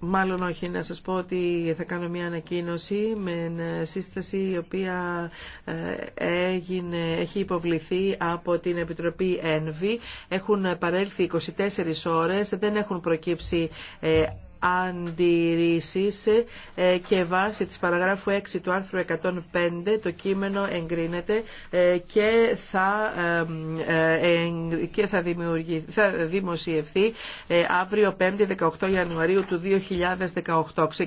Μάλλον όχι, να σας πω ότι θα κάνω μια ανακοίνωση με σύσταση η οποία ε, έγινε, έχει υποβληθεί από την Επιτροπή ΕΝΒΗ. Έχουν παρέλθει 24 ώρες, δεν έχουν προκύψει ε, αντιρρήσεις ε, και βάσει της παραγράφου 6 του άρθρου 105 το κείμενο εγκρίνεται ε, και θα, ε, και θα, θα δημοσιευθεί αύριο 5η 18 Ιανουαρίου του 2018.